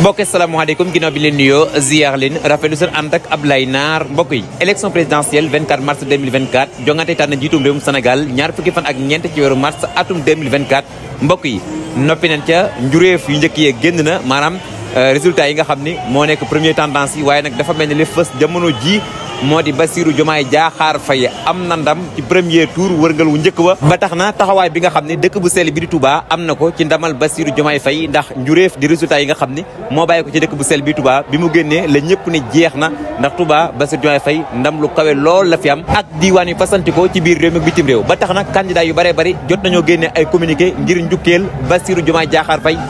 mbokk salaamaaleykum ginnaaw bi leen nuyoo ziar leen rafetlu seen ànd ak Ablaye Naar mbokk yi élection présidentielle 24 mars 2024 jongante tànn njiitum réewum Sénégal ñaar fukki fan ak ñeent ci weeru mars atum 2024 mbokk yi noppi nañ ca njuréef yu njëkk yee génn na maanaam Euh, résultat yi nga xam ni moo premier tendance yi waaye dafa mel ni li fës jamono ji moo di Bassirou Diomaye Diakhar Faye ndam ci premier tour wërngal wu njëkk ba ba tax na taxawaay bi nga xam ne bu sell bi di Touba am na ko ci ndamal Bassirou Diomaye Faye ndax njuréef di résultat yi nga xam ne moo ko ci dëkk bu sell bi Touba bi mu génnee la ñëpp ne jeex ndax Touba Bassirou Diomaye Faye ndam lu kawe lool la fi am ak diiwaan yi ci biir réew mi bitim réew ba tax candidat yu bëree bëri jot nañoo ay communiqué ngir ci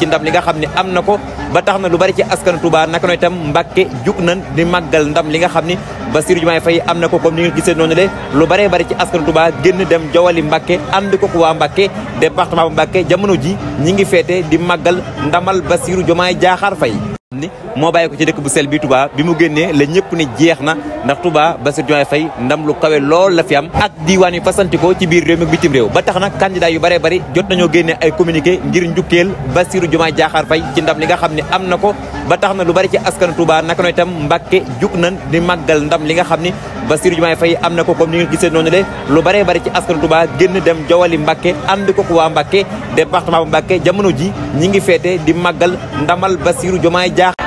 ndam li nga ko ba tax na lu bari ci askanu Touba naka noonu itam mbakke jug nañ di màggal ndam li nga xam ni Bassirou Diomaye fay am na ko comme ni nga gisee noonu le lu baree bari ci askanu Touba génn dem jowali Mbàkke ànd ko waa Mbàkke département bu Mbàkke jamono ji ñi ngi feete di màggal ndamal Bassirou Diomaye Diakhar fay ni mo baye ko ci dekk bu sel bi Touba bi mu genné la ñepp ni jeexna ndax Touba Bassirou Diomaye fay ndam lu kawé lool la fi am ak diwani yu fasantikoo ci biir réew mi bitim réew ba tax nak candidat yu bari bari jot nañu genné ay communiqué ngir njukkeel Bassirou juma Diakhar fay ci ndam li nga xam am nako ba tax na lu bari ci askanu Touba naka noonu itam Mbàkke jug nañ di màggal ndam li nga xam ni Bassirou Diomaye Faye am na ko comme ni ngeen gisee noonu le lu baree bari ci askanu Touba génn dem jowali Mbàkke ànd ko ku waa Mbàkke département bu Mbàkke jamono ji ñi ngi feete di màggal ndamal Bassirou Diomaye Diakhar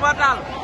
Oumar Tall